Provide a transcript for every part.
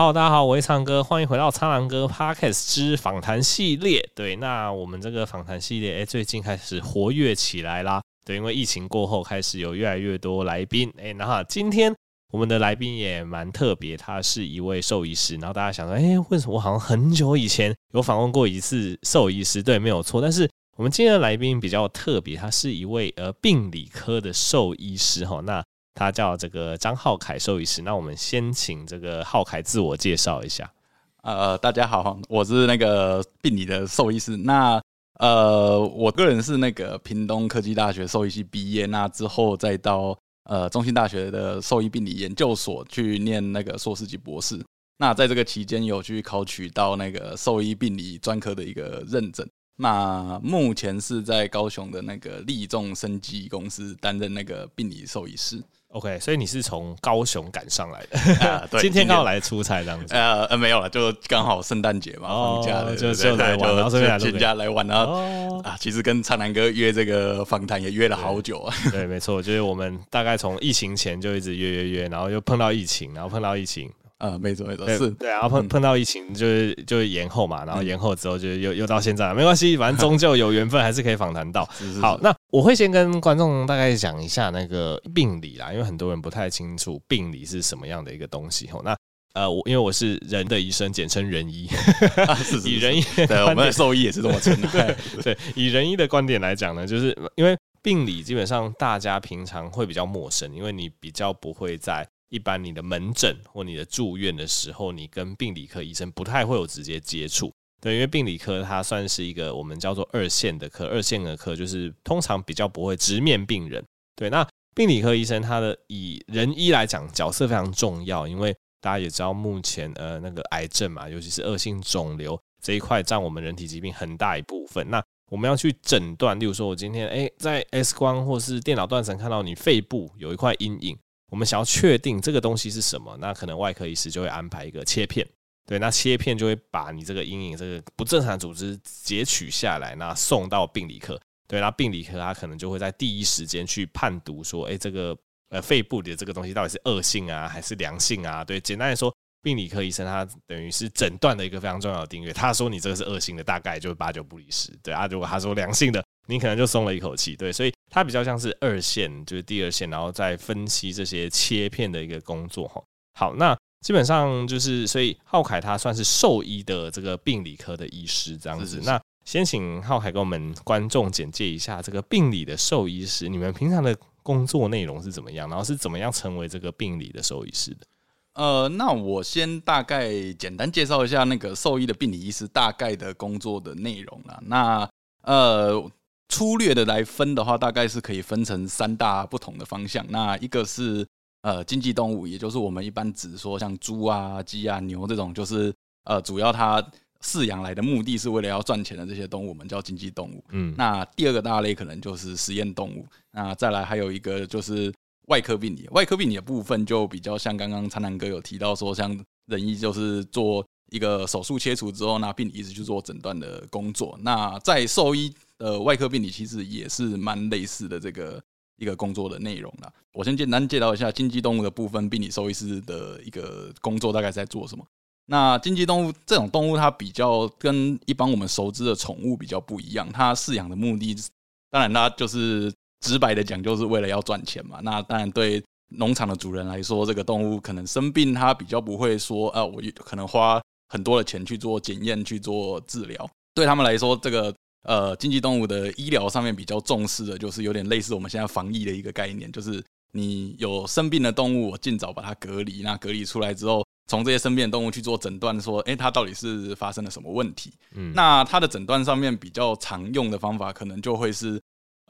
哈嘍，大家好，我是蒼藍鴿，歡迎回到蒼藍鴿 Podcast 之訪談系列。對，那我們這個訪談系列，哎、欸，最近開始活躍起來啦。對，因為疫情過後，開始有越來越多來賓。哎、欸，那今天我們的來賓也蠻特別，他是一位獸醫師。然後大家想說，哎、欸，為什麼我好像很久以前有訪問過一次獸醫師？對，沒有錯。但是我們今天的來賓比較特別，他是一位呃病理科的獸醫師。哈，那。他叫這個張皓凱獸醫師，那我們先請這個皓凱自我介紹一下。呃，大家好，我是那個病理的獸醫師。那呃，我個人是那個屏東科技大學獸醫系畢業，那之後再到呃中興大學的獸醫病理研究所去念那個碩士及博士。那在這個期間有去考取到那個獸醫病理專科的一個認證。那目前是在高雄的那個立眾生技公司擔任那個病理獸醫師。OK，所以你是從高雄趕上來的，啊、對，今天剛來出差這樣子呃？呃，沒有了，就剛好聖誕節嘛，哦、放假了對對對，就就來玩，就然後全家來玩，然後、哦、啊，其實跟蒼藍鴿約這個訪談也約了好久啊對。對，沒錯，就是我們大概從疫情前就一直約約約，然後又碰到疫情，然後碰到疫情。呃、啊，沒錯，沒錯，是對啊。然後碰、嗯、碰到疫情就，就是就延後嘛，然後延後之後，就又、嗯、又到現在，沒關係，反正終究有緣分， 還是可以訪談到。是是是。好，那我會先跟觀眾大概講一下那個病理啦，因為很多人不太清楚病理是什麼樣的一個東西。那呃，我因為我是人的醫生，簡稱人醫，以人醫的，對，我們的獸醫也是這麼稱的。 對，以人醫的觀點來講呢，就是因為病理基本上大家平常會比較陌生，因為你比較不會在。一般你的門診或你的住院的時候，你跟病理科醫生不太會有直接接觸，對，因為病理科它算是一個我們叫做二線的科，二線的科就是通常比較不會直面病人。對，那病理科醫生他的以人醫來講，角色非常重要，因為大家也知道，目前呃那個癌症嘛，尤其是惡性腫瘤這一塊佔我們人體疾病很大一部分。那我們要去診斷，例如說我今天哎、欸，在 X 光或是電腦斷層看到你肺部有一塊陰影。我們想要確定這個東西是什麼，那可能外科醫師就會安排一個切片，對，那切片就會把你這個陰影、這個不正常組織截取下來，那送到病理科，對，那病理科他可能就會在第一時間去判讀說，哎、欸，這個呃肺部裡的這個東西到底是惡性啊，還是良性啊？對，簡單來說。病理科醫生，他等於是診斷的一個非常重要的定論。他說你這個是惡性的，大概就八九不離十。對啊，如果他說良性的，你可能就鬆了一口氣。對，所以他比較像是二線，就是第二線，然後再分析這些切片的一個工作哈。好，那基本上就是，所以皓凱他算是獸醫的這個病理科的醫師這樣子。是那先請皓凱給我們觀眾簡介一下這個病理的獸醫師，你們平常的工作內容是怎麼樣，然後是怎麼樣成為這個病理的獸醫師的？呃，那我先大概簡單介紹一下那個獸醫的病理醫師大概的工作的內容啦。那呃，粗略的來分的話，大概是可以分成三大不同的方向。那一個是呃經濟動物，也就是我們一般指說像豬啊、雞啊、牛這種，就是呃主要它飼養來的目的是為了要賺錢的這些動物，我們叫經濟動物。嗯，那第二個大類可能就是實驗動物。那再來還有一個就是。外科病理。外科病理的部分就比較像剛剛蒼藍鴿有提到說，像人醫就是做一個手術切除之後，那病理一直去做診斷的工作。那在獸醫的外科病理其實也是蠻類似的這個一個工作的內容啦。我先簡單介紹一下經濟動物的部分病理獸醫師的一個工作大概在做什麼。那經濟動物這種動物它比較跟一般我們熟知的寵物比較不一樣，它飼養的目的當然它就是。直白的講，就是為了要賺錢嘛。那當然，對農場的主人來說，這個動物可能生病，他比較不會說啊，我可能花很多的錢去做檢驗、去做治療。對他們來說，這個呃，經濟動物的醫療上面比較重視的，就是有點類似我們現在防疫的一個概念，就是你有生病的動物，我儘早把它隔離。那隔離出來之後，從這些生病的動物去做診斷，說，誒、欸，它到底是發生了什麼問題？嗯，那它的診斷上面比較常用的方法，可能就會是。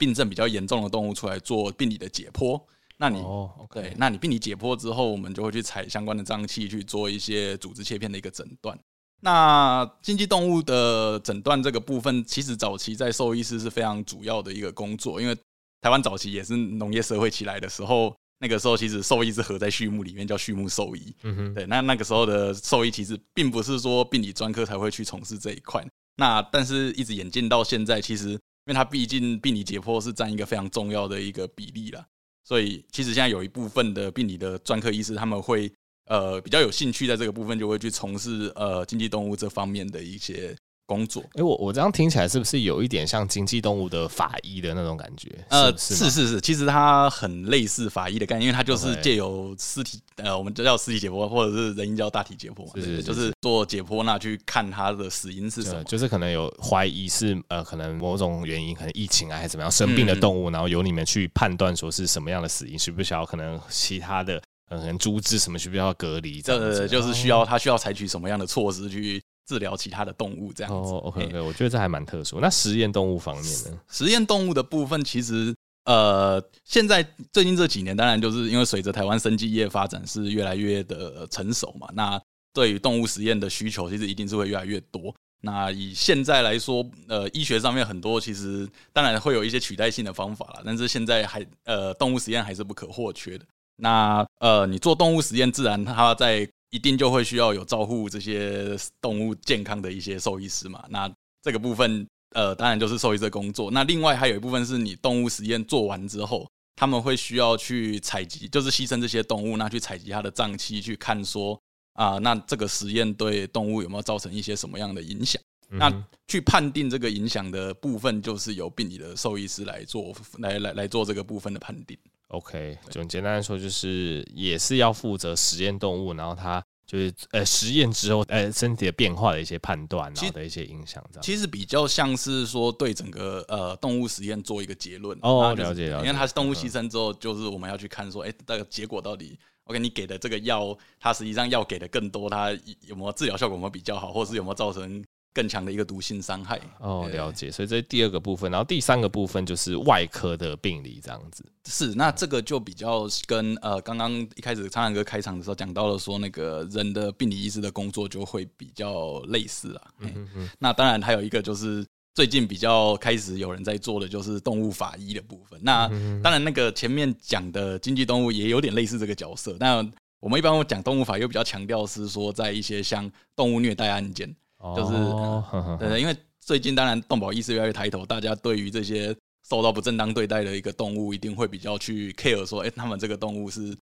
病症比較嚴重的動物出來做病理的解剖，那你、oh, OK？那你病理解剖之後，我們就會去採相關的臟器去做一些組織切片的一個診斷。那經濟動物的診斷這個部分，其實早期在獸醫師是非常主要的一個工作，因為台灣早期也是農業社會起來的時候，那個時候其實獸醫是合在畜牧裡面叫畜牧獸醫。嗯哼、mm，hmm. 對，那那個時候的獸醫其實並不是說病理專科才會去從事這一塊。那但是一直演進到現在，其實。因為它畢竟病理解剖是佔一個非常重要的一個比例啦，所以其實現在有一部分的病理的專科醫師，他們會呃比較有興趣在這個部分，就會去從事呃經濟動物這方面的一些。工作，哎、欸，我我這樣聽起來是不是有一點像經濟動物的法醫的那種感覺？呃，是是，是是是，其實它很類似法醫的概念，因為它就是借由屍體，對，呃，我們叫屍體解剖，或者是人醫叫大體解剖，是是是對，就是做解剖，那去看它的死因是什麼。就是可能有懷疑是呃，可能某種原因，可能疫情啊還是怎麼樣生病的動物，嗯嗯，然後由你們去判斷說是什麼樣的死因，需不需要可能其他的，呃，豬隻什麼需不需要隔離？這，就是需要他需要採取什麼樣的措施去。治療其他的動物這樣子，Oh，OK OK，欸，我覺得這還蠻特殊。那實驗動物方面呢？實驗動物的部分，其實呃，現在最近這幾年，當然就是因為隨着台灣生技業發展是越來越的成熟嘛，那對於動物實驗的需求，其實一定是會越來越多。那以現在來說，呃，醫學上面很多其實當然會有一些取代性的方法啦，但是現在還呃，動物實驗還是不可或缺的。那呃，你做動物實驗，自然它在。一定就會需要有照顧這些動物健康的一些獸醫師嘛。那這個部分，呃，當然就是獸醫師的工作。那另外還有一部分是你動物實驗做完之後，他們會需要去採集，就是犧牲這些動物，那去採集它的臟器，去看說啊、呃，那這個實驗對動物有沒有造成一些什麼樣的影響？嗯、哼那去判定這個影響的部分，就是由病理的獸醫師來做，來來來做這個部分的判定。OK，就簡單來說就是也是要負責實驗動物，然後他就是呃實驗之後，呃身體的變化的一些判斷，實然後的一些影響這樣。其實比較像是說對整個呃動物實驗做一個結論。哦，了解了解，因為它是動物犧牲之後，就是我們要去看說，哎、嗯欸，這個結果到底，OK，你給的這個藥，它實際上藥給的更多，它有沒有治療效果，有沒有比較好，或是有沒有造成，更強的一個毒性傷害哦，了解。對對對。所以這是第二個部分，然後第三個部分就是外科的病理這樣子。是，那這個就比較跟呃，剛剛一開始蒼藍鴿開場的時候講到了，說那個人的病理醫師的工作就會比較類似啊。嗯嗯哼、欸、那當然，還有一個就是最近比較開始有人在做的，就是動物法醫的部分。那當然，那個前面講的經濟動物也有點類似這個角色。那我們一般會講動物法醫又比較強調是說，在一些像動物虐待案件。Oh, 就是，對對，呵呵呵，因為最近當然動保意識越來越抬頭，大家對於這些受到不正當對待的一個動物，一定會比較去 care 說，哎、欸，他們這個動物是，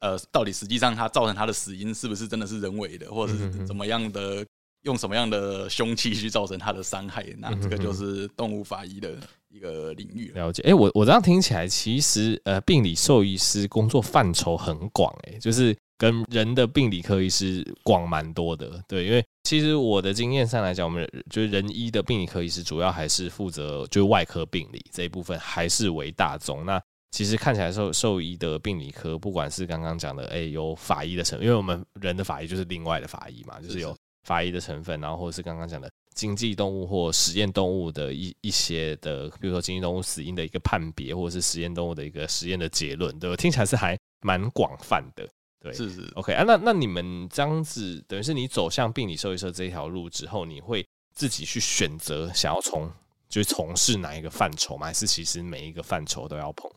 呃，到底實際上它造成它的死因是不是真的是人為的，或者是怎麼樣的，嗯、哼哼，用什麼樣的凶器去造成它的傷害？那這個就是動物法醫的一個領域了、嗯哼哼。了解，哎、欸，我我這樣聽起來，其實呃，病理獸醫師工作範疇很廣，哎，就是。跟人的病理科醫師廣蠻多的，對，因為其實我的經驗上來講，我們就人醫的病理科醫師主要還是負責就是外科病理這一部分，還是為大宗。那其實看起來獸獸醫的病理科，不管是剛剛講的，哎，有法醫的成，因為我們人的法醫就是另外的法醫嘛，就是有法醫的成分，然後或者是剛剛講的經濟動物或實驗動物的一一些的，比如說經濟動物死因的一個判別，或者是實驗動物的一個實驗的結論，對，聽起來是還蠻廣泛的。對，是是，OK 啊，那那你們這樣子，等於是你走向病理獸醫師這一條路之後，你會自己去選擇想要從就是從事哪一個範疇嗎？還是其實每一個範疇都要碰？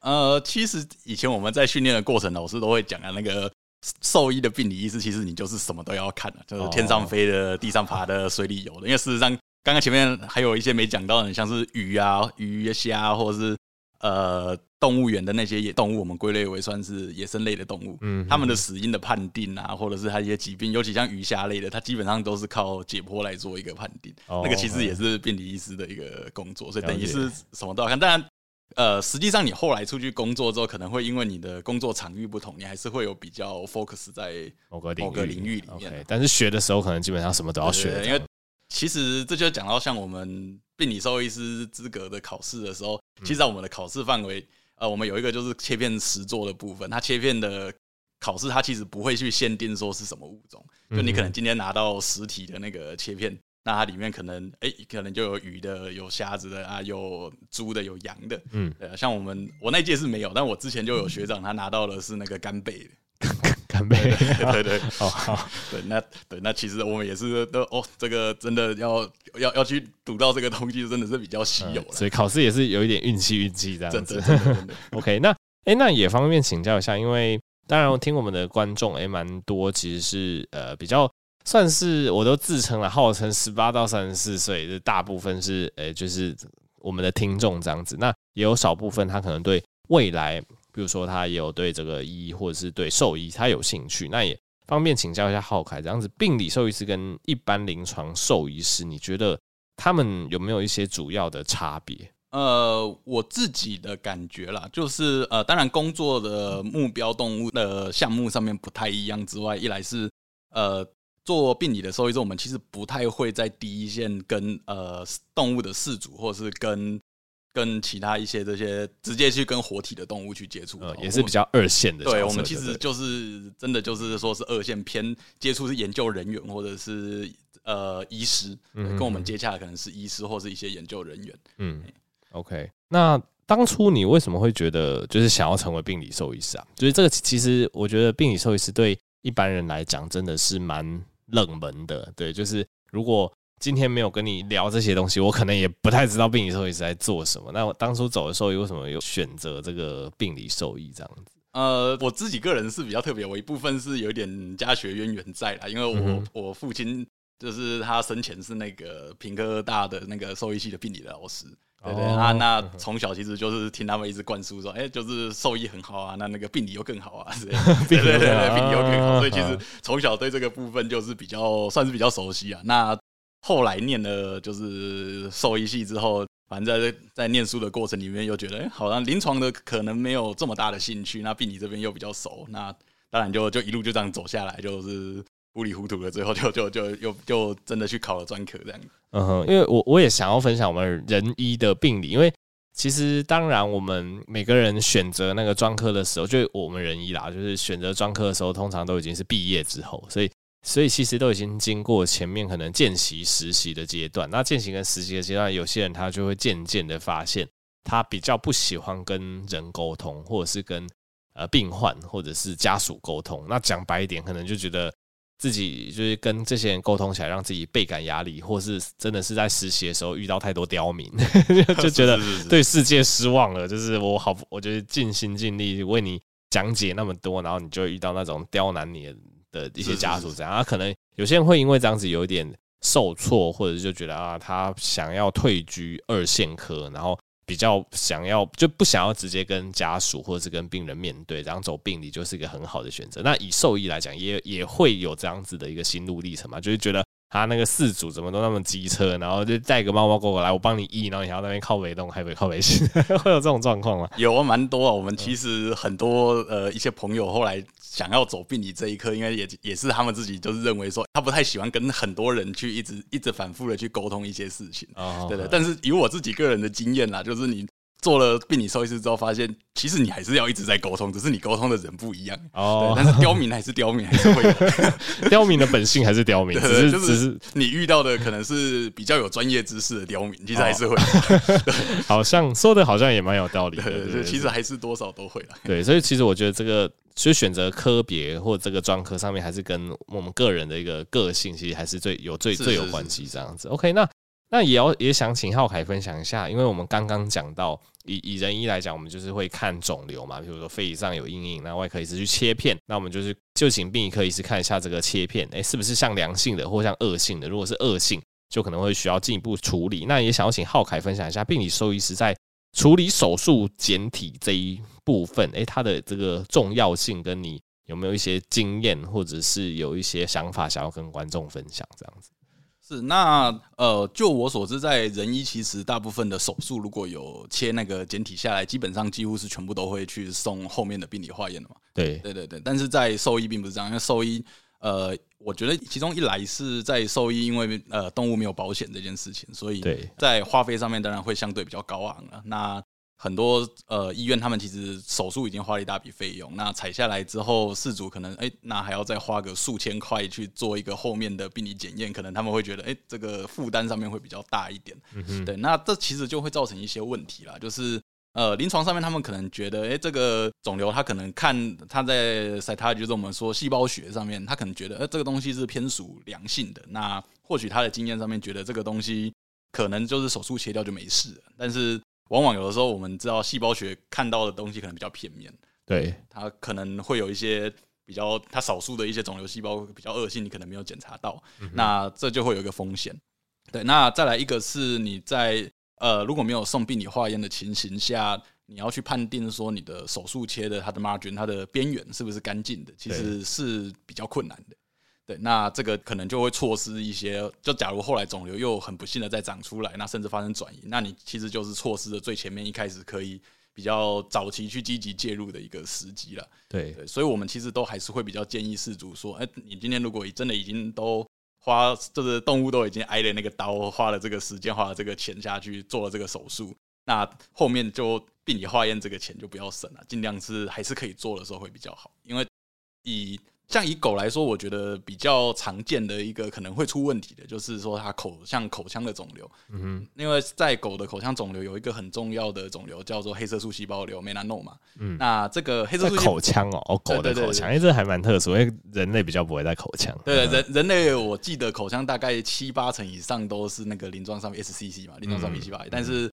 呃，其實以前我們在訓練的過程呢，老師都會講啊，那個獸醫的病理醫師其實你就是什麼都要看的、啊，就是天上飛的、哦、地上爬的、水裡游的。因為事實上，剛剛前面還有一些沒講到的，像是魚啊、魚蝦、啊，或者是。呃，動物園的那些野動物，我們歸類為算是野生類的動物。嗯哼，他們的死因的判定啊，或者是它一些疾病，尤其像魚蝦類的，它基本上都是靠解剖來做一個判定。哦、oh, okay，那個其實也是病理醫師的一個工作，所以等於是什麼都要看。當然解，呃，實際上你後來出去工作之後，可能會因為你的工作場域不同，你還是會有比較 focus 在某個某個領域裡面、啊域 okay。但是學的時候，可能基本上什麼都要學的對對對，因為其實這就講到像我們。病理獸醫師資格的考試的時候，其實在我們的考試範圍，嗯、呃，我們有一個就是切片實作的部分。它切片的考試，它其實不會去限定說是什麼物種。就你可能今天拿到實體的那個切片，嗯、哼那它裡面可能，哎、欸，可能就有魚的，有蝦子的啊，有豬的，有羊的。嗯對、啊，像我們我那一屆是沒有，但我之前就有學長他拿到的是那個乾貝的。嗯哼 對對對，對、 哦，好，對那對那其實我們也是都哦，這個真的要要要去讀到這個東西，真的是比較稀有、呃，所以考試也是有一點運氣運氣這樣子。真的 OK，那哎、欸，那也方便請教一下，因為當然我聽我們的觀眾也蠻多，其實是呃比較算是我都自稱了號稱，號稱十八到三十四歲，是大部分是哎、欸、就是我們的聽眾這樣子，那也有少部分他可能對未來。比如說，他也有對這個醫，或者是對獸醫，他有興趣，那也方便請教一下皓凱，這樣子，病理獸醫師跟一般臨床獸醫師，你覺得他們有沒有一些主要的差別？呃，我自己的感覺啦，就是呃，當然工作的目標動物的項目上面不太一樣之外，一來是呃做病理的獸醫師，我們其實不太會在第一線跟呃動物的飼主，或是跟跟其他一些這些直接去跟活體的動物去接觸，呃，也是比較二線的。對，我們其實就是真的就是說是二線偏接觸是研究人員或者是呃醫師，嗯、跟我們接洽可能是醫師或是一些研究人員。嗯，OK。那當初你為什麼會覺得就是想要成為病理獸醫師啊？就是這個其實我覺得病理獸醫師對一般人來講真的是蠻冷門的。對，就是如果。今天沒有跟你聊這些東西，我可能也不太知道病理獸醫是在做什麼。那我當初走的時候，為什麼有選擇這個病理獸醫這樣子？呃，我自己個人是比較特別，我一部分是有點家學淵源在啦，因為我、嗯、哼我父親就是他生前是那個屏科大的那個獸醫系的病理的老師，對對、對、哦、啊，那從小其實就是聽他們一直灌輸說，哎、欸，就是獸醫很好啊，那那個病理又更好啊， 好對對對對，啊、病理又更好，所以其實從小對這個部分就是比較算是比較熟悉啊，那。後來念了就是獸醫系之後，反正在在念書的過程裡面又覺得好像臨床的可能沒有這麼大的興趣，那病理這邊又比較熟，那當然就就一路就這樣走下來，就是糊裡糊塗的，最後就就就又真的去考了專科這樣。嗯哼，因為我我也想要分享我們人醫的病理，因為其實當然我們每個人選擇那個專科的時候，就我們人醫啦，就是選擇專科的時候，通常都已經是畢業之後，所以。所以其實都已經經過前面可能見習、實習的階段。那見習跟實習的階段，有些人他就會漸漸的發現，他比較不喜歡跟人溝通，或者是跟呃病患或者是家屬溝通。那講白一點，可能就覺得自己就是跟這些人溝通起來，讓自己倍感壓力，或是真的是在實習的時候遇到太多刁民，是是是是 就覺得對世界失望了。就是我好，我就是盡心盡力為你講解那麼多，然後你就遇到那種刁難你的。的一些家屬這樣，他是、啊、可能有些人會因為這樣子有一點受挫，或者是就覺得啊，他想要退居二線科，然後比較想要就不想要直接跟家屬或者是跟病人面對，然後走病理就是一個很好的選擇。那以獸醫來講，也也會有這樣子的一個心路歷程嘛，就是覺得。他、啊、那個事主怎麼都那麼機車，然後就帶個貓貓狗狗來，我幫你醫，然後你還要在那邊靠北東，還北靠北西呵呵，會有這種狀況嗎？有啊，蠻多啊。我們其實很多呃一些朋友後來想要走病理這一科，應該也也是他們自己就是認為說他不太喜歡跟很多人去一直一直反覆的去溝通一些事情。哦，對的。但是以我自己個人的經驗啦、啊，就是你。做了病理獸醫師之後，發現其實你還是要一直在溝通，只是你溝通的人不一樣哦。Oh，但是刁民還是刁民， 還是會 刁民的本性還是刁民，只是只是你遇到的可能是比較有專業知識的刁民，其實還是會。 對 好像說的好像也蠻有道理的對對對，其實還是多少都會的 對，所以其實我覺得這個，就選擇科別或這個專科上面，還是跟我們個人的一個個性，其實還是最有最最有關係這樣子。是 OK，那。那也要也想請浩凱分享一下，因為我們剛剛講到以以人醫來講，我們就是會看腫瘤嘛，比如說肺上有陰影，那外科醫師去切片，那我們就是就請病理科醫師看一下這個切片，哎、欸，是不是像良性的或像惡性的？如果是惡性，就可能會需要進一步處理。那也想要請浩凱分享一下病理獸醫師在處理手術檢體這一部分，哎、欸，它的這個重要性，跟你有沒有一些經驗，或者是有一些想法想要跟觀眾分享這樣子。那呃，就我所知，在人醫其實大部分的手術，如果有切那個檢體下來，基本上幾乎是全部都會去送後面的病理化驗的嘛。對，對，對，對。但是在獸醫並不是這樣，因為獸醫呃，我覺得其中一來是在獸醫，因為呃，動物沒有保險這件事情，所以在花費上面當然會相對比較高昂了。那很多呃醫院，他們其實手術已經花了一大筆費用，那採下來之後，飼主可能哎、欸，那還要再花個數千塊去做一個後面的病理檢驗，可能他們會覺得哎、欸，這個負擔上面會比較大一點。嗯、哼對，那這其實就會造成一些問題啦，就是呃臨床上面他們可能覺得哎、欸，這個腫瘤他可能看他在 cyto，就是我們說細胞學上面，他可能覺得呃、欸、這個東西是偏屬良性的，那或許他的經驗上面覺得這個東西可能就是手術切掉就沒事了，但是。往往有的時候，我們知道細胞學看到的東西可能比較片面，對，它可能會有一些比較，它少數的一些腫瘤細胞比較惡性，你可能沒有檢查到，嗯、哼那這就會有一個風險。對，那再來一個是你在呃如果沒有送病理化驗的情形下，你要去判定說你的手術切的它的 margin 它的邊緣是不是乾淨的，其實是比較困難的。對，那這個可能就會錯失一些。就假如後來腫瘤又很不幸的再長出來，那甚至發生轉移，那你其實就是錯失了最前面一開始可以比較早期去積極介入的一個時機了。對，對，所以我們其實都還是會比較建議飼主說：哎、欸，你今天如果真的已經都花，就是動物都已經挨了那個刀，花了這個時間，花了這個錢下去做了這個手術，那後面就病理化驗這個錢就不要省了，盡量是還是可以做的時候會比較好，因為以。像以狗來說，我覺得比較常見的一個可能會出問題的，就是說它口像口腔的腫瘤嗯哼，嗯，因為在狗的口腔腫瘤有一個很重要的腫瘤叫做黑色素細胞瘤 melanoma 嘛，嗯，那這個黑色素細胞在口腔哦，哦狗的口腔，對對對對，因為這還蠻特殊，因為人類比較不會在口腔，嗯、哼對人人類，我記得口腔大概七八成以上都是那個鱗狀上皮 SCC 嘛，鱗狀上皮細胞，但是，嗯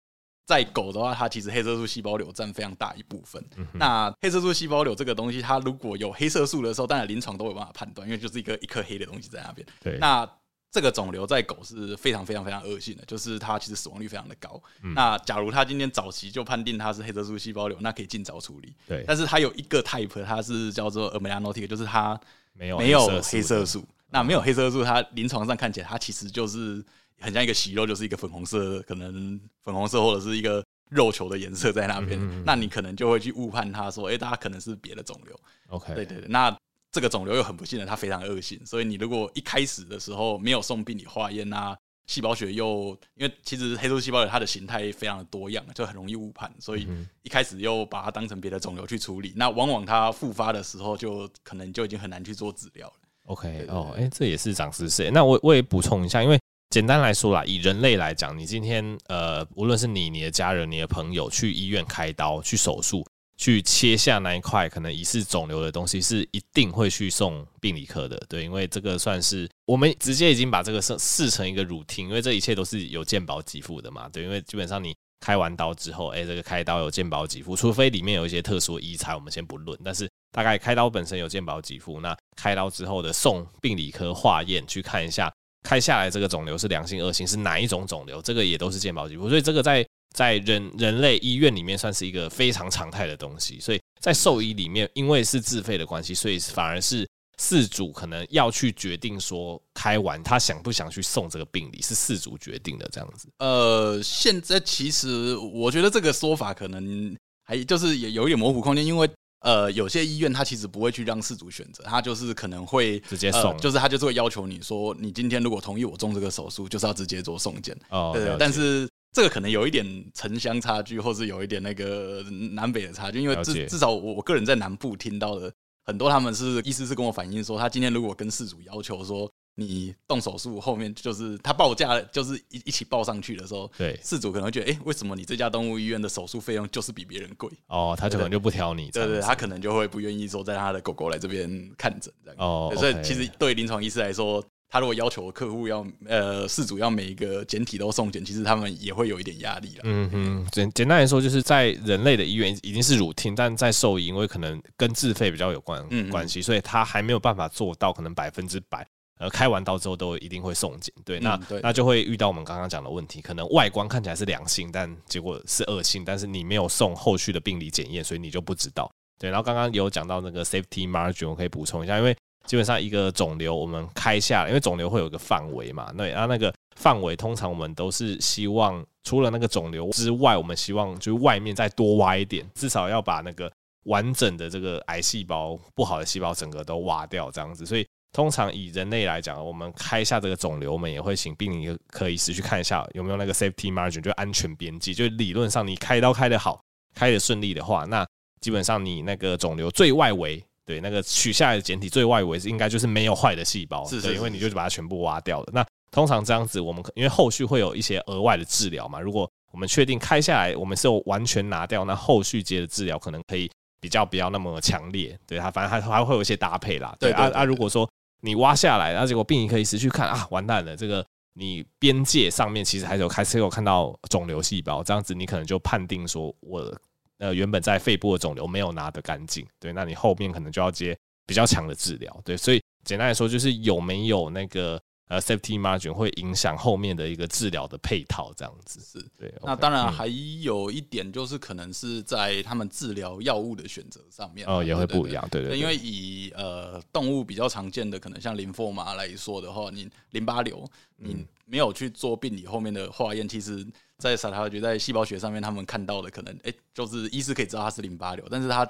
在狗的話，它其實黑色素細胞瘤占非常大一部分。嗯、哼那黑色素細胞瘤這個東西，它如果有黑色素的時候，當然臨床都有辦法判斷，因為就是一個一顆黑的東西在那邊。對。那這個腫瘤在狗是非常非常非常惡性的，就是它其實死亡率非常的高。嗯、那假如它今天早期就判定它是黑色素細胞瘤，那可以盡早處理。對。但是它有一個 type，它是叫做 amelanotic，就是它沒有沒有黑色素。對那沒有黑色素，它臨床上看起來，它其實就是。很像一個息肉，就是一個粉紅色，可能粉紅色或者是一個肉球的顏色在那邊，嗯嗯嗯那你可能就會去誤判它，說，誒、欸，它可能是別的腫瘤。OK，對對對，那這個腫瘤又很不幸的，它非常惡性，所以你如果一開始的時候沒有送病理化驗啊，細胞學又，因為其實黑素細胞瘤它的形態非常的多樣，就很容易誤判，所以一開始又把它當成別的腫瘤去處理，那往往它復發的時候就可能就已經很難去做治療了。OK，對對對哦，誒、欸，這也是長知識，那我我也補充一下，因為。簡單來說啦，以人類來講，你今天呃，無論是你、你的家人、你的朋友，去醫院開刀、去手術、去切下那一塊可能疑似腫瘤的東西，是一定會去送病理科的，對，因為這個算是我們直接已經把這個視視成一個 routine，因為這一切都是有健保給付的嘛，對，因為基本上你開完刀之後，哎、欸，這個開刀有健保給付，除非裡面有一些特殊的醫材，我們先不論，但是大概開刀本身有健保給付，那開刀之後的送病理科化驗去看一下。開下來這個腫瘤是良性、惡性，是哪一種腫瘤，這個也都是健保給付，所以這個在在人人類醫院裡面算是一個非常常態的東西。所以在獸醫裡面，因為是自費的關係，所以反而是飼主可能要去決定說，開完他想不想去送這個病理，是飼主決定的這樣子。呃，現在其實我覺得這個說法可能還就是也有一點模糊空間，因為。呃，有些醫院他其實不會去讓事主選擇，他就是可能會直接送、呃，就是他就是會要求你說，你今天如果同意我做這個手術，就是要直接做送檢。哦，對。了解 但是這個可能有一點城鄉差距，或是有一點那個南北的差距，因為至了解 至少我我個人在南部聽到的很多，他們是意思是跟我反映說，他今天如果跟事主要求說。你動手術後面就是他報價就是一一起報上去的時候，對事主可能會覺得，哎、欸，為什麼你這家動物醫院的手術費用就是比別人貴？哦，他就可能就不挑你，對,對對，他可能就會不願意說在他的狗狗來這邊看診哦，對 okay 所以其實對臨床醫師來說，他如果要求客戶要呃事主要每一個檢體都送檢，其實他們也會有一點壓力嗯嗯，簡簡單來說就是在人類的醫院已經是 routine，但在獸醫因為可能跟自費比較有關關係，嗯嗯所以他還沒有辦法做到可能百分之百。呃，開完刀之後都一定會送檢，對，那、嗯、對那就會遇到我們剛剛講的問題，可能外觀看起來是良性，但結果是惡性，但是你沒有送後續的病理檢驗，所以你就不知道。對，然後剛剛有講到那個 safety margin，我可以補充一下，因為基本上一個腫瘤我們開下來，因為腫瘤會有一個範圍嘛，對，然後那個範圍通常我們都是希望除了那個腫瘤之外，我們希望就是外面再多挖一點，至少要把那個完整的這個癌細胞、不好的細胞整個都挖掉，這樣子，所以。通常以人類來講，我們開一下這個腫瘤，我們也會請病理科醫師去看一下有沒有那個 safety margin，就安全邊際。就理論上你開刀開得好，開得順利的話，那基本上你那個腫瘤最外圍，對那個取下來的檢體最外圍，應該就是沒有壞的細胞，是的。因為你就把它全部挖掉了。是是是是，那通常這樣子，我們因為後續會有一些額外的治療嘛。如果我們確定開下來，我們是有完全拿掉，那後續接的治療可能可以比較不要那麼強烈。對它，反正還還會有一些搭配啦。對，對，對，對，啊啊，如果說你挖下來，然後結果病理可以持續看啊，完蛋了，這個你邊界上面其實還有還是有看到腫瘤細胞，這樣子你可能就判定說，我呃原本在肺部的腫瘤沒有拿得乾淨，對，那你後面可能就要接比較強的治療，對，所以簡單來說就是有沒有那個。呃、uh，safety margin 會影響後面的一個治療的配套，這樣子是對。Okay, 那當然還有一點就是，可能是在他們治療藥物的選擇上面、啊、哦，也會不一樣，對、對、對、對、對。因為以呃動物比較常見的，可能像 lymphoma 來說的話，你淋巴瘤，嗯、你沒有去做病理後面的化驗，其實，在薩達覺得在細胞學上面他們看到的，可能哎、欸，就是醫師可以知道它是淋巴瘤，但是它。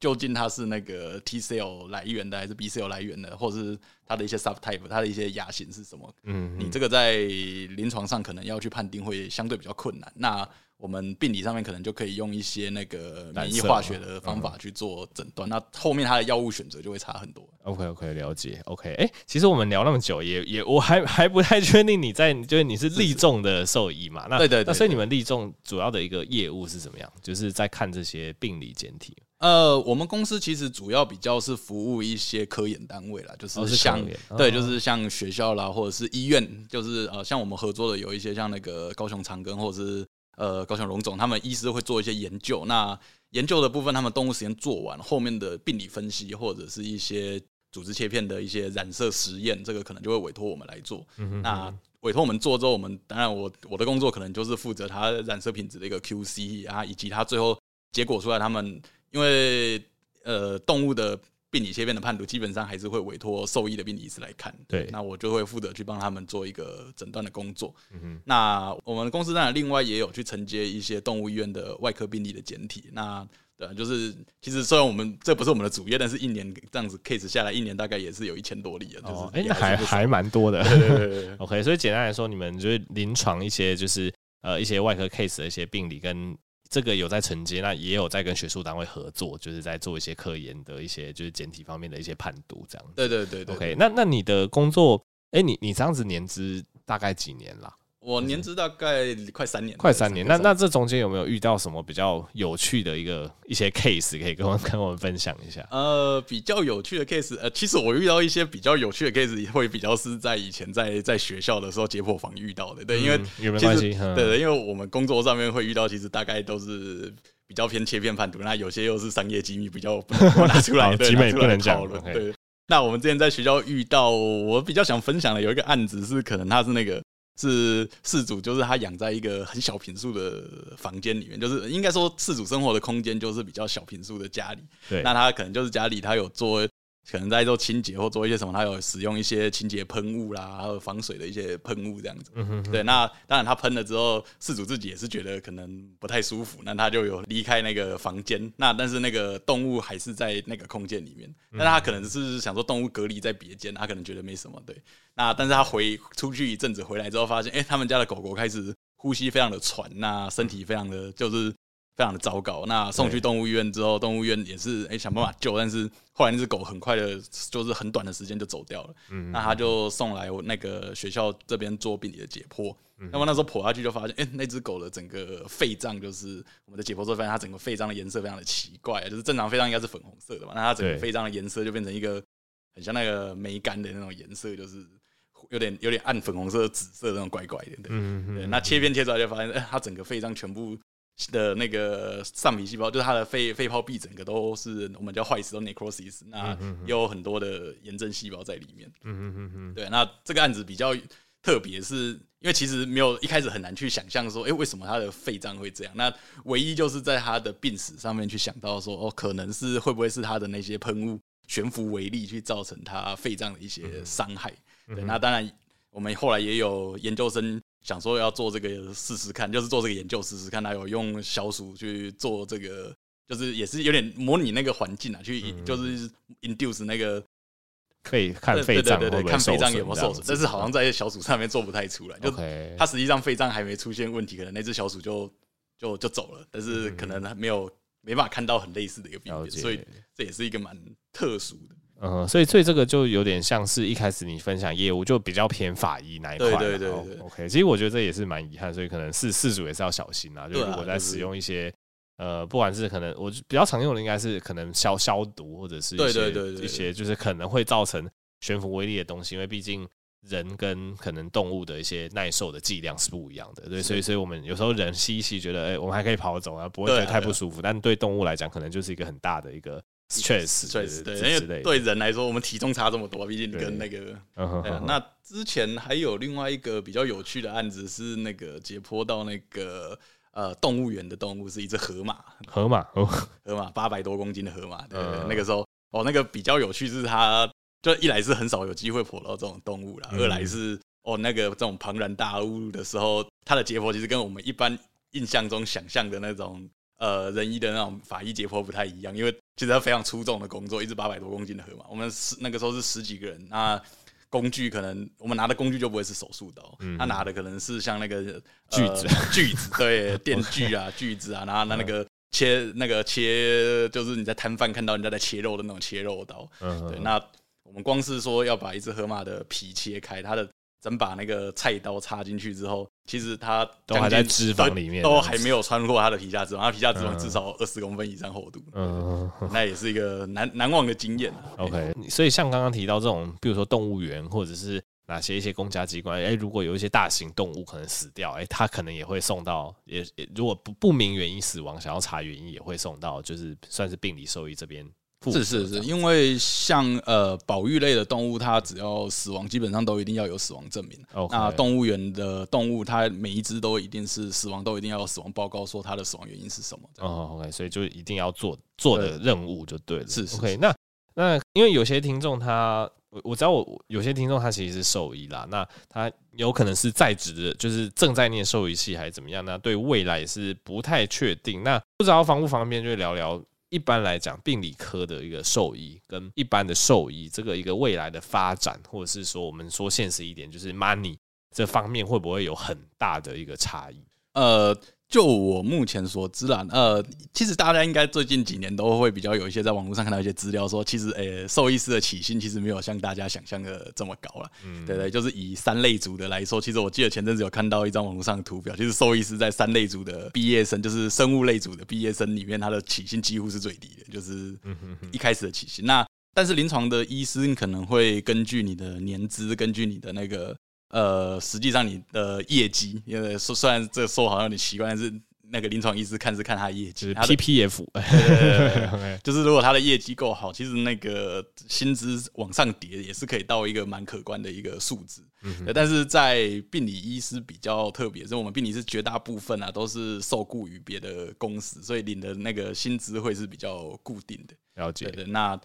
究竟它是那個 T cell 來源的，還是 B cell 來源的，或者是它的一些 subtype，它的一些亞型是什麼？嗯哼，你這個在臨床上可能要去判定，會相對比較困難。那我們病理上面可能就可以用一些那個免疫化學的方法去做診斷。嗯、那後面它的藥物選擇就會差很多。OK OK，了解。OK，哎、欸，其實我們聊那麼久也，也也我還還不太確定你在就是你是立眾的獸醫嘛？是是那對對，對對，那所以你們立眾主要的一個業務是怎麼樣？就是在看這些病理檢體。呃，我們公司其實主要比較是服務一些科研單位啦，就是像、哦、是科研，對，哦哦就是像學校啦，或者是醫院，就是呃，像我們合作的有一些像那個高雄長庚或者是呃高雄榮總，他們醫師會做一些研究。那研究的部分，他們動物實驗做完，後面的病理分析或者是一些組織切片的一些染色實驗，這個可能就會委托我們來做。嗯、哼哼那委托我們做之後，我們當然我我的工作可能就是負責它染色品質的一個 QC 啊，以及它最後結果出來他們。因為呃，動物的病理切片的判讀，基本上還是會委託獸醫的病理醫師來看。對，對那我就會負責去幫他們做一個診斷的工作。嗯哼，那我們公司當然另外也有去承接一些動物醫院的外科病例的檢體。那對，就是其實雖然我們這不是我們的主業，但是一年這樣子 case 下來，一年大概也是有一千多例。哦、就是，還是、欸、那還 還蠻多的。對對對對 OK，所以簡單來說，你們就是臨床一些就是呃一些外科 case 的一些病理跟。這個有在承接，那也有在跟學術單位合作，就是在做一些科研的一些，就是檢體方面的一些判讀，這樣子。對對對對，對。OK，那那你的工作，哎、欸，你你這樣子年資大概幾年啦？我年資大概快三年，快三年。三三年，那那這中間有沒有遇到什麼比較有趣的一個一些 case 可以跟我跟我們分享一下？呃，比較有趣的 case，呃，其實我遇到一些比較有趣的 case，會比較是在以前在在學校的時候，解剖房遇到的。對，因為、嗯、沒有關係實、嗯、對，因為我們工作上面會遇到，其實大概都是比較偏切片判讀，那有些又是商業機密，比較不能拿出來，不能講、okay、對。那我們之前在學校遇到，我比較想分享的有一個案子是，可能他是那個。是飼主，就是他養在一個很小坪數的房間裡面，就是應該說飼主生活的空間就是比較小坪數的家裡，對 那他可能就是家裡他有做。可能在做清潔或做一些什麼，他有使用一些清潔噴霧啦，還有防水的一些噴霧這樣子。嗯哼哼。對，那當然他噴了之後，事主自己也是覺得可能不太舒服，那他就有離開那個房間。那但是那個動物還是在那個空間裡面，那他可能是想說動物隔離在別間，他可能覺得沒什麼。對，那但是他回出去一陣子回來之後，發現誒、欸，他們家的狗狗開始呼吸非常的喘吶，那身體非常的就是。非常的糟糕。那送去動物醫院之後，對動物醫院也是哎、欸、想辦法救，但是後來那隻狗很快的，就是很短的時間就走掉了。嗯、哼那他就送來我那個學校這邊做病理的解剖。那麼、嗯、哼那時候剖下去就發現，哎、欸，那隻狗的整個肺臟就是我們的解剖之後發現，它整個肺臟的顏色非常的奇怪，就是正常肺臟應該是粉紅色的嘛，那它整個肺臟的顏色就變成一個很像那個梅乾的那種顏色，就是有點有點暗粉紅色、紫色的那種怪怪的。對，嗯、哼對，那切片切出來就發現，哎、欸，它整個肺臟全部。的那個上皮細胞，就是他的肺肺泡壁整個都是我們叫壞死，叫 necrosis，那也有很多的炎症細胞在裡面。嗯嗯嗯。對，那這個案子比較特別，是，因為其實沒有一開始很難去想象說，哎、欸，為什麼他的肺臟會這樣？那唯一就是在他的病史上面去想到說，哦，可能是會不會是他的那些噴霧懸浮微粒去造成他肺臟的一些傷害。嗯哼。對，那當然，我們後來也有研究生。想說要做這個試試看，就是做這個研究試試看。還有用小鼠去做這個，就是也是有點模擬那個環境啊，去就是 induce 那個，可以看肺臟，對，看肺臟有沒有受損。但是好像在小鼠上面做不太出來，嗯、就它實際上肺臟還沒出現問題，可能那隻小鼠就就就走了，但是可能還沒有、嗯、沒辦法看到很類似的一個病變，了解，所以這也是一個蠻特殊的。嗯，所以所以這個就有點像是一開始你分享業務就比較偏法醫那一塊。對對對，對 O、OK, K，其實我覺得這也是蠻遺憾，所以可能飼飼主也是要小心啊。就如果在使用一些、啊、呃，不管是可能我比較常用的，應該是可能消消毒或者是一些一些就是可能會造成懸浮微粒的東西，因為畢竟人跟可能動物的一些耐受的劑量是不一樣的。對。所以的所以我們有時候人吸一吸覺得哎、欸，我們還可以跑走啊，不會覺得太不舒服。對啊對啊、但對動物來講，可能就是一個很大的一個。確實，確實，對,對,對，因為對人來說，我們體重差這麼多，畢竟跟那個。那之前還有另外一個比較有趣的案子是，那個解剖到那個呃動物園的動物是一隻河馬,河馬、嗯，河馬，河河馬八百多公斤的河馬。Uh、對,對,對，那個時候，哦，那個比較有趣是它，就一來是很少有機會剖到這種動物了，嗯、二來是哦那個這種龐然大物的時候，它的解剖其實跟我們一般印象中想象的那種呃人醫的那種法醫解剖不太一樣，因為。其實他非常粗重的工作，一隻八百多公斤的河馬，我們是那個時候是十幾個人，那工具可能我們拿的工具就不會是手術刀，嗯、他拿的可能是像那個鋸子，鋸、呃、 子，對， 電鋸啊，鋸 Okay. 子啊，然後拿那個切、嗯、那個切，就是你在攤販看到人家在切肉的那種切肉刀，嗯哼，對，那我們光是說要把一隻河馬的皮切開，它的。整把那個菜刀插進去之後，其實它都還在脂肪裡面，都還沒有穿過它的皮下脂肪，嗯、他皮下脂肪至少二十公分以上厚度，嗯，對，嗯，那也是一個難難忘的經驗。OK，欸，所以像剛剛提到這種，比如說動物園或者是哪些一些公家機關，哎、欸，如果有一些大型動物可能死掉，哎、欸，它可能也會送到，也也如果不不明原因死亡，想要查原因也會送到，就是算是病理獸醫這邊。是是是，因為像呃，保育類的動物，它只要死亡，基本上都一定要有死亡證明。Okay 那動物園的動物，它每一隻都一定是死亡，都一定要有死亡報告，說它的死亡原因是什麼？哦、oh，OK，所以就一定要做做的任務就對了。是對 OK，那那因為有些聽眾他，我我知道我有些聽眾他其實是獸醫啦，那他有可能是在職的，就是正在念獸醫系還是怎麼樣？那對未來是不太確定，那不知道方不方便就聊聊。一般來講，病理科的一個獸醫跟一般的獸醫，這個一個未來的發展，或者是說我們說現實一點，就是 money 這方面會不會有很大的一個差異？呃。就我目前所知啦，呃，其實大家應該最近幾年都會比較有一些在網絡上看到一些資料，說其實，呃、欸，獸醫師的起薪其實沒有像大家想象的這麼高啦。嗯，對，對對，就是以三類組的來說，其實我記得前陣子有看到一張網絡上的圖表，就是獸醫師在三類組的畢業生，就是生物類組的畢業生裡面，他的起薪幾乎是最低的，就是一開始的起薪。那但是臨床的醫師可能會根據你的年資，根據你的那個。呃，實際上你的、呃、業績，因為雖然這個說好像你習慣，但是那個臨床醫師看是看他業績、PPF， 就是如果他的業績夠好，其實那個薪資往上疊也是可以到一個蠻可觀的一個數字，嗯哼。但是在病理醫師比較特別，因為我們病理師絕大部分啊都是受僱於別的公司，所以領的那個薪資會是比較固定的。了解，對對對，那。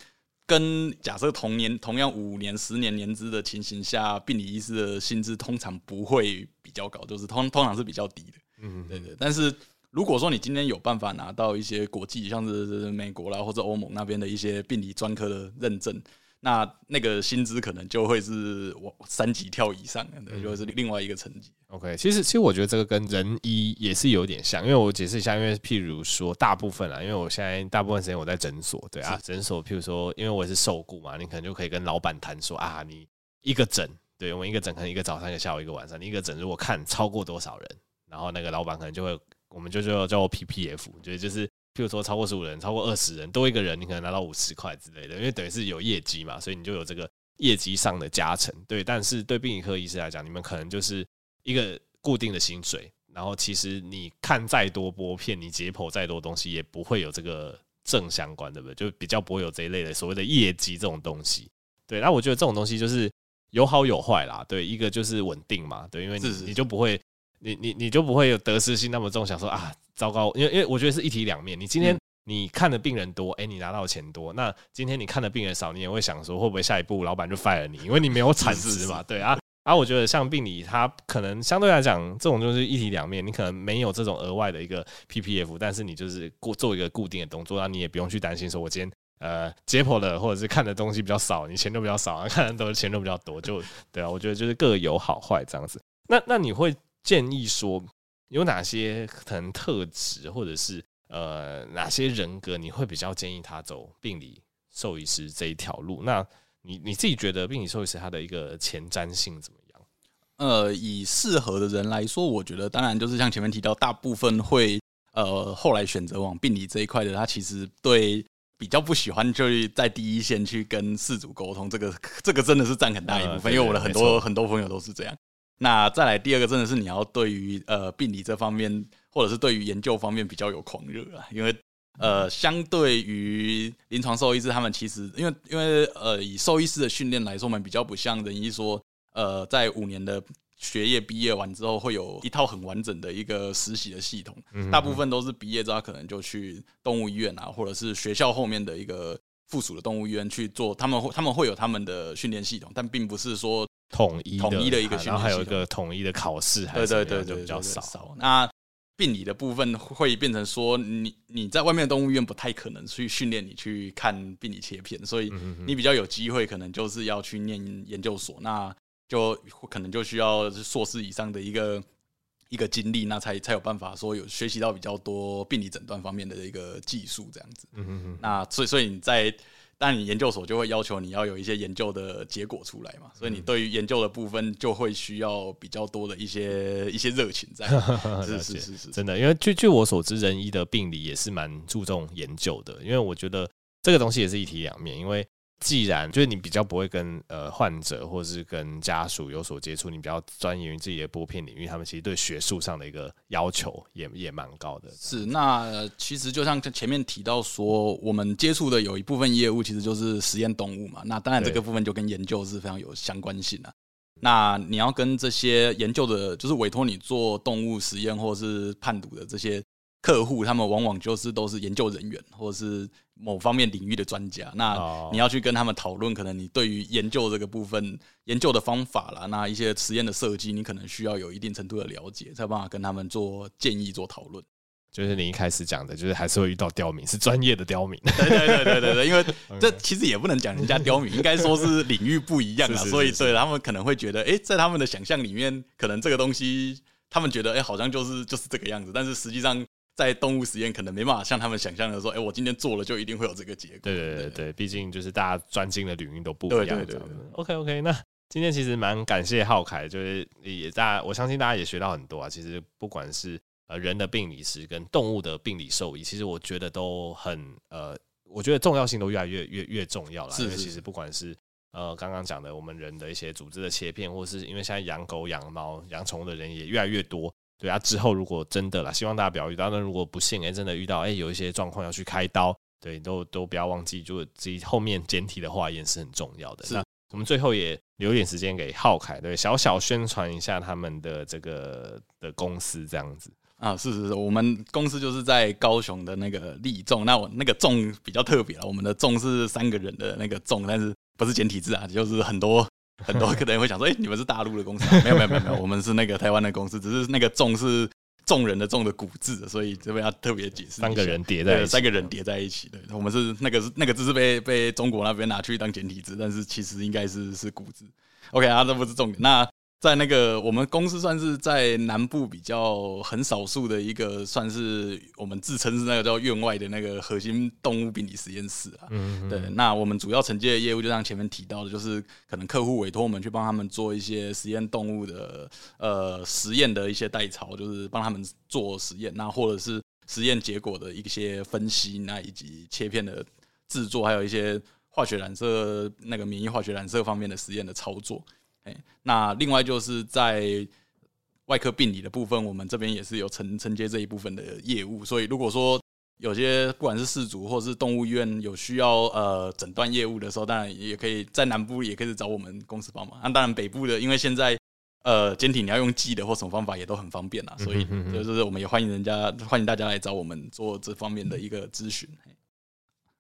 跟假設同年同樣五年十年年資的情形下，病理醫師的薪資通常不會比較高，就是通通常是比較低的。嗯哼，對，對對。但是如果說你今天有辦法拿到一些國際，像是美國啦或者歐盟那邊的一些病理專科的認證，那那個薪資可能就會是三級跳以上的，對，就是另外一個層級。嗯 OK，其實其實我覺得這個跟人醫也是有點像，因為我解釋一下，因為譬如說大部分啊，因為我現在大部分時間我在診所，對是啊，診所譬如說，因為我也是受雇嘛，你可能就可以跟老闆談說啊，你一個診，對，我們一個診可能一個早上一個下午一個晚上，你一個診如果看超過多少人，然後那個老闆可能就會，我們就就叫我 PPF，覺得就是譬如說超過十五人，超過二十人，多一個人你可能拿到五十塊之類的，因為等於是有業績嘛，所以你就有這個業績上的加成，對。但是對病理科醫師來講，你們可能就是。一個固定的薪水，然後其實你看再多玻片，你解剖再多東西，也不會有這個正相關，對不對？就比較不會有這一類的所謂的業績這種東西。對，那我覺得這種東西就是有好有壞啦。對，一個就是穩定嘛，對，因為你是是是你就不會，你你你就不會有得失心那麼重，想說啊糟糕，因為因為我覺得是一體兩面。你今天你看的病人多，哎、欸，你拿到錢多，那今天你看的病人少，你也會想說會不會下一步老闆就 fire 你，因為你沒有產值嘛，是是是對啊。後、啊，我覺得像病理，它可能相對來講，這種就是一體兩面。你可能沒有這種額外的一個 PPF，但是你就是做一個固定的動作，啊，那你也不用去擔心說，我今天呃解剖了，或者是看的東西比較少，你錢都比較少啊；看的多，錢都比較多。就對啊，我覺得就是各有好壞這樣子。那那你會建議說，有哪些可能特質，或者是呃哪些人格，你會比較建議他走病理獸醫師這一條路？那你你自己覺得病理獸醫師他的一個前瞻性怎麼？呃，以適合的人來說，我覺得當然就是像前面提到，大部分會呃後來選擇往病理這一塊的，他其實對比較不喜歡就是在第一線去跟事主溝通，這個這個真的是佔很大一部分，呃、因為我的很多沒錯、很多朋友都是這樣。那再來第二個，真的是你要對於呃病理這方面，或者是對於研究方面比較有狂熱啊，因為呃，嗯、相對於臨床獸醫師，他們其實因為因為呃，以獸醫師的訓練來說，我們比較不像人醫說。呃，在五年的學業畢業完之後，會有一套很完整的一個實習的系統。大部分都是畢業之後可能就去動物醫院啊，或者是學校後面的一個附屬的動物醫院去做。他們會他們會有他們的訓練系統，但並不是說統一統一的一個系統。然後還有一個統一的考試，對對對對，對，比較少。那病理的部分會變成說，你你在外面的動物醫院不太可能去訓練你去看病理切片，所以你比較有機會可能就是要去念研究所。那就可能就需要碩士以上的一個一個經歷，那才才有辦法說有學習到比較多病理診斷方面的一個技術這樣子。嗯嗯哼嗯。那所以所以你在當你研究所就會要求你要有一些研究的結果出來嘛？嗯、所以你對於研究的部分就會需要比較多的一些一些熱情在。 是是是是，是是真的，因為據據我所知，人醫的病理也是蠻注重研究的。因為我覺得這個東西也是一體兩面，因為。既然就是你比較不會跟呃患者，或者是跟家屬有所接觸，你比較專業於自己的玻片領域，他們其實對學術上的一個要求也也蠻高的。是那、呃、其實就像就前面提到說，我們接觸的有一部分業務其實就是實驗動物嘛。那當然這個部分就跟研究是非常有相關性的、啊。對 那你要跟這些研究的，就是委託你做動物實驗或者是判讀的這些客戶，他們往往就是都是研究人員或者是，某方面領域的專家，那你要去跟他們討論，可能你對於研究這個部分、研究的方法啦，那一些實驗的設計，你可能需要有一定程度的了解，才有辦法跟他們做建議做、做討論。就是你一開始講的，就是還是會遇到刁民，嗯、是專業的刁民。對對對對對 因為這其實也不能講人家刁民，Okay. 應該說是領域不一樣啦， 所以對他們可能會覺得，哎、欸，在他們的想象裡面，可能這個東西，他們覺得，哎、欸，好像就是就是這個樣子，但是實際上。在動物實驗可能沒辦法像他們想象的說，哎、欸，我今天做了就一定會有這個結果。對對對對，畢對竟就是大家專精的領域都不一樣子。對對對對，對，OK OK。那今天其實蠻感謝浩凱，就是也大家，我相信大家也學到很多啊。其實不管是呃人的病理師跟動物的病理獸醫其實我覺得都很呃，我覺得重要性都越來越越越重要了。是,是因為其實不管是呃剛剛講的我們人的一些組織的切片，或是因為現在養狗羊貓、養貓、養蟲的人也越來越多。對啊，之後如果真的啦，希望大家不要遇到。那如果不幸哎、欸、真的遇到哎、欸、有一些狀況要去開刀，對，都都不要忘記，就自己後面檢體的化驗是很重要的。是啊，我們最後也留一點時間給浩凱，對，小小宣傳一下他們的這個的公司這樣子啊。是是是，我們公司就是在高雄的那個立眾，那我那個眾比較特別了，我們的眾是三個人的那個眾，但是不是簡體字啊，就是很多。很多可能會想說，哎、欸，你們是大陸的公司、啊？沒有沒有沒有沒有，我們是那個台灣的公司，只是那個“眾”是眾人的“眾”的古字，所以這邊要特別解釋。三個人疊在三個人疊在一起的，我們是那個是那個字是被被中國那邊拿去當簡體字，但是其實應該是是古字。OK 啊，那不是重點，那。在那個，我們公司算是在南部比較很少數的一個，算是我們自稱是那個叫院外的那個核心動物病理實驗室啊嗯哼。嗯，對。那我們主要承接的業務，就像前面提到的，就是可能客戶委託我們去幫他們做一些實驗動物的呃實驗的一些代操，就是幫他們做實驗，那或者是實驗結果的一些分析，那以及切片的製作，還有一些化學染色那個免疫化學染色方面的實驗的操作。那另外就是在外科病理的部分，我們這邊也是有承承接這一部分的業務，所以如果說有些不管是飼主或是動物醫院有需要呃診斷業務的時候，當然也可以在南部也可以找我們公司幫忙。那當然北部的，因為現在呃檢體你要用寄的或什麼方法也都很方便啦，所以就是我們也歡迎人家歡迎大家來找我們做這方面的一個諮詢。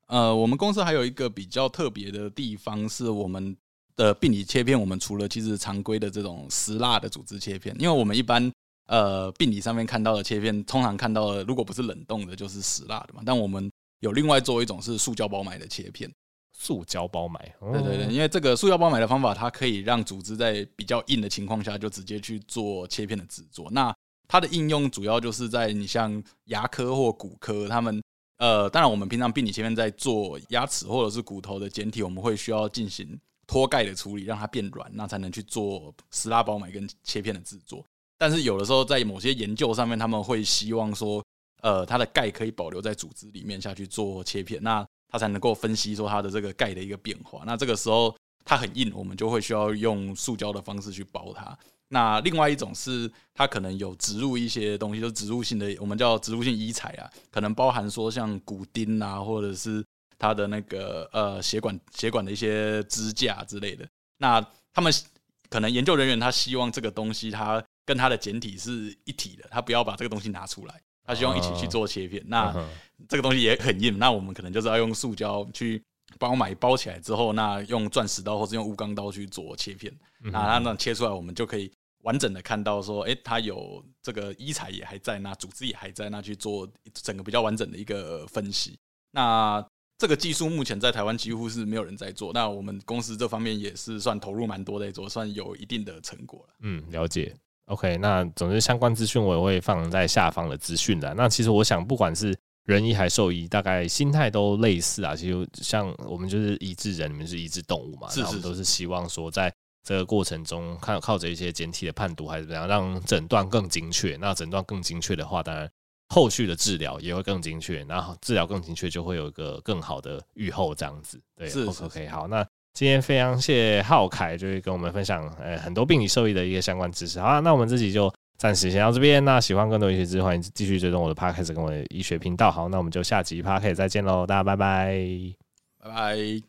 呃，我們公司還有一個比較特別的地方是，我們。呃，病理切片，我們除了其實常規的這種石蠟的組織切片，因為我們一般呃病理上面看到的切片，通常看到的如果不是冷凍的，就是石蠟的嘛。但我們有另外做一種是塑膠包埋的切片，塑膠包埋，對對對，因為這個塑膠包埋的方法，它可以讓組織在比較硬的情況下就直接去做切片的製作。那它的應用主要就是在你像牙科或骨科，他們呃，當然我們平常病理切片在做牙齒或者是骨頭的檢體，我們會需要進行。脫鈣的處理讓它變軟，那才能去做石蠟包埋跟切片的制作，但是有的時候在某些研究上面，他們會希望說，呃，它的鈣可以保留在組織裡面下去做切片，那它才能夠分析說它的這個鈣的一個變化。那這個時候它很硬，我們就會需要用塑膠的方式去包它，那另外一種是它可能有植入一些東西，就是、植入性的，我們叫植入性醫材啊，可能包含說像骨釘啊，或者是。它的那個呃血管血管的一些支架之類的，那他們可能研究人員他希望這個東西它跟它的檢體是一體的，他不要把這個東西拿出來，他希望一起去做切片。哦、那這個東西也很硬，嗯、哼那我們可能就是要用塑膠去包埋包起來之後，那用鑽石刀或者用鎢鋼刀去做切片。嗯、哼那它那切出來，我們就可以完整的看到說，哎、欸，它有這個醫材也還在那，那組織也還在那，那去做整個比較完整的一個分析。那這個技術目前在台灣幾乎是沒有人在做，那我們公司這方面也是算投入蠻多的也算有一定的成果。嗯，了解。OK，那總之相關資訊我也會放在下方的資訊的。那其實我想，不管是人醫還獸醫，大概心態都類似啊。其實像我們就是醫治人，你們是醫治動物嘛，都是希望說在這個過程中，看靠着一些檢體的判讀還是怎樣，讓診斷更精確。那診斷更精確的話，當然。後續的治療也會更精確，然後治療更精確就會有一個更好的預後這樣子。對是是是，OK。好，那今天非常謝，謝皓凱，就是跟我們分享、欸、很多病理獸醫的一個相關知識。好，啊，那我們自己就暫時先到這邊。那喜歡更多醫學知識，歡迎繼續追蹤我的 podcast 跟我的醫學頻道。好，那我們就下集 podcast 再見嘍，大家拜拜，拜拜。